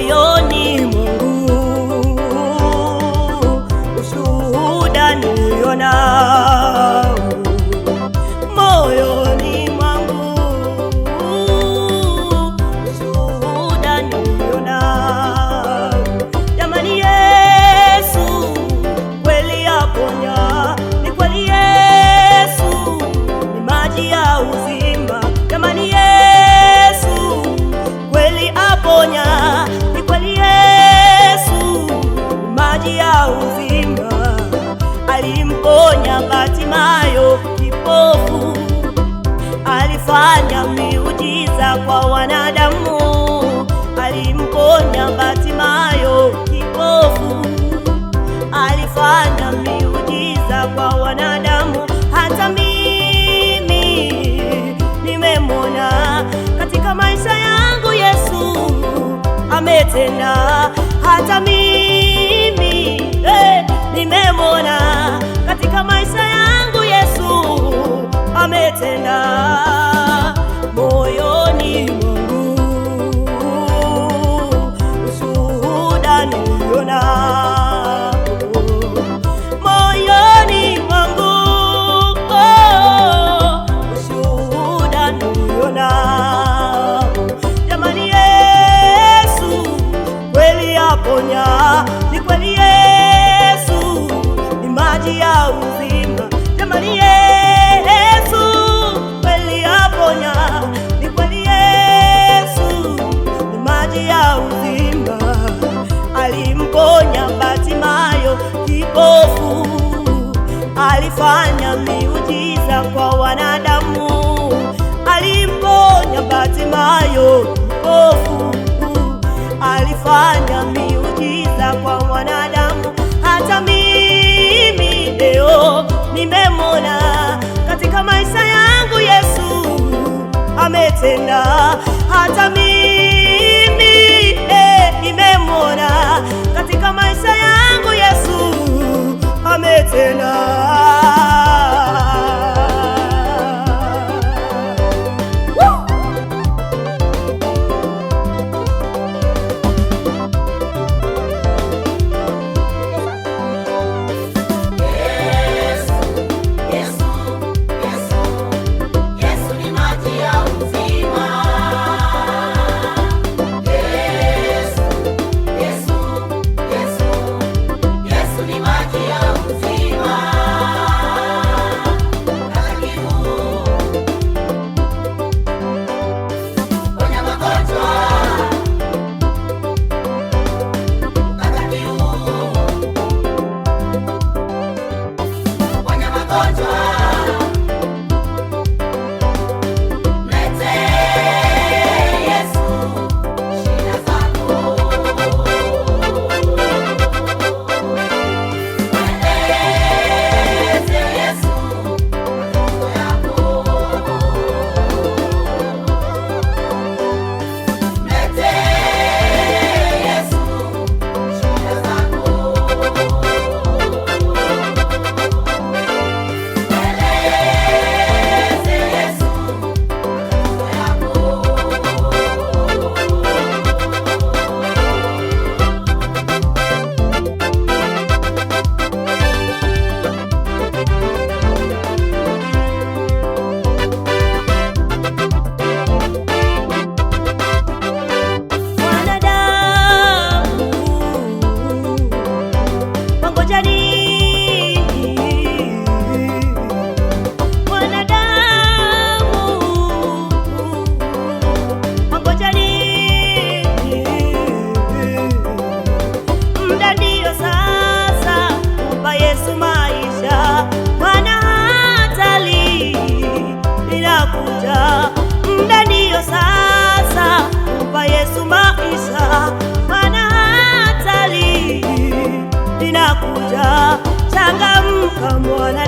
your alifanya miujiza kwa wanadamu, alimponya batimayo kipofu, alifanya miujiza kwa wanadamu. Hata mimi nimemona katika maisha yangu, Yesu ametenda hata mimi jicho moyoni mwangu ushuhuda ndio Jamani, Yesu kweli aponya, ni kweli Yesu ni maji ya uzima. Jamani, Yesu kweli aponya, ni Yesu ni maji ya uzima. mapofu, alifanya miujiza kwa wanadamu, alimponya batimayo mpofu, alifanya miujiza kwa wanadamu. Hata mimi leo nimemona katika maisha yangu Yesu ametenda tena Rajani someone